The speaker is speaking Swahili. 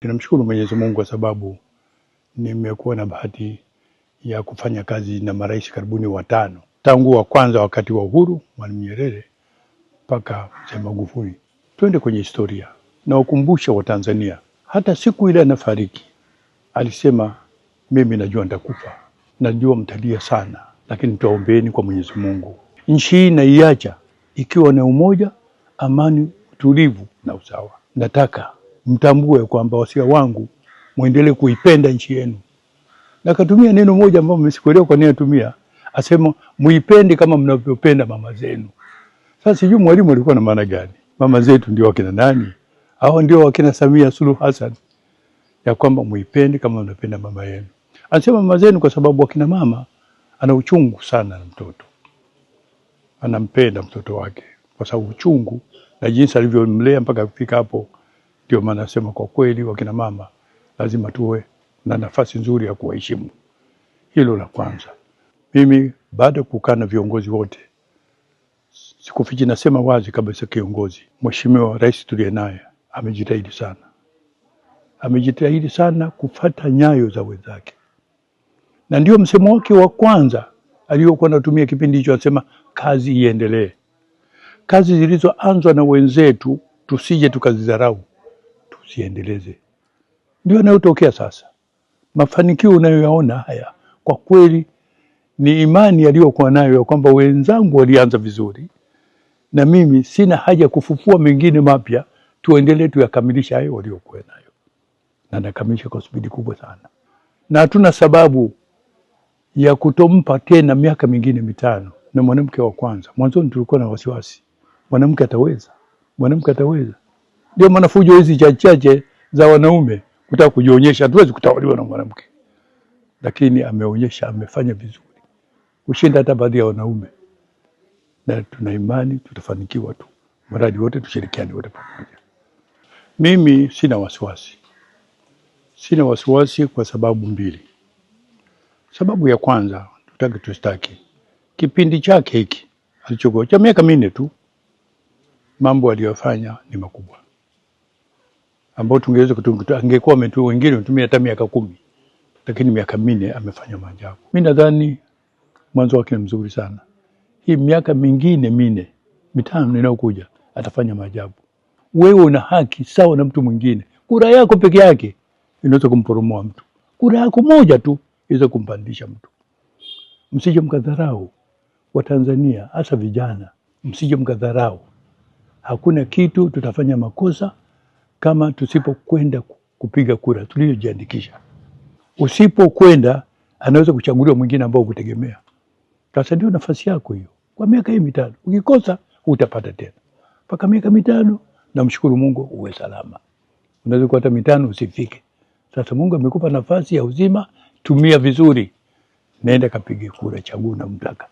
Tunamshukuru Mwenyezi Mungu kwa sababu nimekuwa na bahati ya kufanya kazi na marais karibuni watano, tangu wa kwanza wakati wa uhuru Mwalimu Nyerere mpaka Mzee Magufuli. Twende kwenye historia na wa Watanzania, hata siku ile anafariki alisema, mimi najua nitakufa, najua mtalia sana, lakini tuombeeni kwa Mwenyezi Mungu nchi hii naiacha ikiwa na umoja, amani, utulivu na usawa. Nataka mtambue kwamba wasia wangu muendelee kuipenda nchi yenu. Na katumia neno moja ambalo msikuelewa kwa nini atumia, asema muipende kama mnavyopenda mama zenu. Sasa sijui mwalimu alikuwa na maana gani? Mama zetu ndio wakina nani? Hao ndio wakina Samia Suluhu Hassan, ya kwamba muipende kama mnapenda mama yenu. Anasema mama zenu kwa sababu wakina mama ana uchungu sana na mtoto, anampenda mtoto wake kwa sababu uchungu na jinsi alivyomlea mpaka kufika hapo ndio maana nasema kwa kweli, wakina mama lazima tuwe na nafasi nzuri ya kuwaheshimu. Hilo la kwanza. Mimi baada ya kukaa na viongozi wote, sikufichi, nasema wazi kabisa, kiongozi Mheshimiwa Rais tuliye naye amejitahidi sana, amejitahidi sana kufata nyayo za wenzake, na ndio msemo wake wa kwanza aliyokuwa anatumia kipindi hicho, anasema kazi iendelee, kazi zilizoanzwa na wenzetu tusije tukazidharau usiendeleze. Ndio yanayotokea sasa. Mafanikio unayoyaona haya kwa kweli ni imani yaliyokuwa nayo ya kwamba wenzangu walianza vizuri, na mimi sina haja ya kufufua mengine mapya, tuendelee tuyakamilisha hayo waliokuwa nayo, na nakamilisha kwa spidi kubwa sana, na hatuna sababu ya kutompa tena miaka mingine mitano. Na mwanamke wa kwanza, mwanzoni tulikuwa na wasiwasi, mwanamke ataweza, mwanamke ataweza ndio maana fujo hizi chachache za wanaume kutaka kujionyesha, hatuwezi kutawaliwa na mwanamke, lakini ameonyesha, amefanya vizuri kushinda hata baadhi ya wanaume, na tuna imani tutafanikiwa tu, mradi wote tushirikiane wote pamoja. Mimi sina wasiwasi, sina wasiwasi kwa sababu mbili. Sababu ya kwanza, tutaki tustaki, kipindi chake hiki alichokuwa cha miaka minne tu, mambo aliyofanya ni makubwa ambao tungeweza angekuwa ametu wengine wametumia hata miaka kumi, lakini miaka minne amefanya maajabu. Mimi nadhani mwanzo wake ni mzuri sana. Hii miaka mingine minne mitano inayokuja atafanya maajabu. Wewe una haki sawa na mtu mwingine. Kura yako peke yake inaweza kumporomoa mtu, kura yako moja tu inaweza kumpandisha mtu. Msije mkadharau Watanzania, hasa vijana, msije mkadharau. Hakuna kitu tutafanya makosa kama tusipokwenda kupiga kura tuliyojiandikisha. Usipokwenda anaweza kuchaguliwa mwingine ambao kutegemea. Sasa ndio nafasi yako hiyo kwa miaka hii mitano, ukikosa utapata tena mpaka miaka mitano. Namshukuru Mungu uwe salama, unaweza kuwa hata mitano usifike. Sasa Mungu amekupa nafasi ya uzima, tumia vizuri, naenda kapige kura, chagua unamtaka.